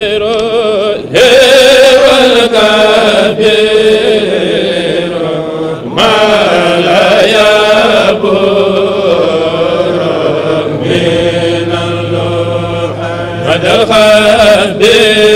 dal xaar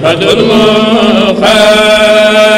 Badul Mukhtar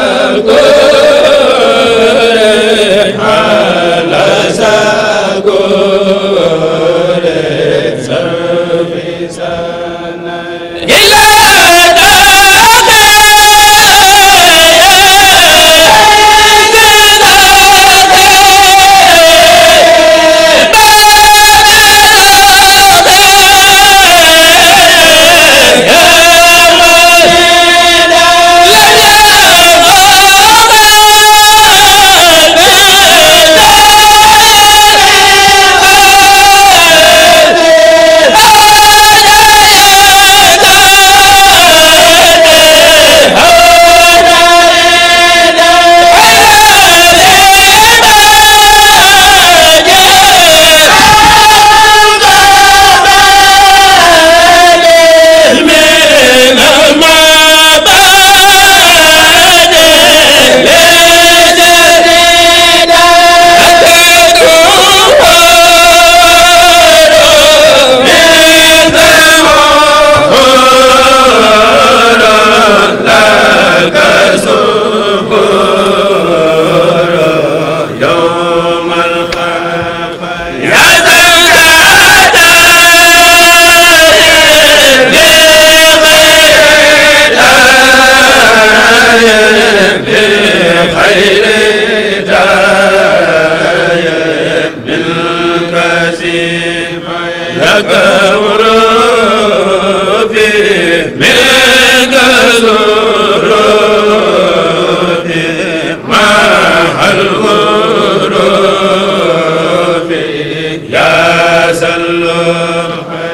al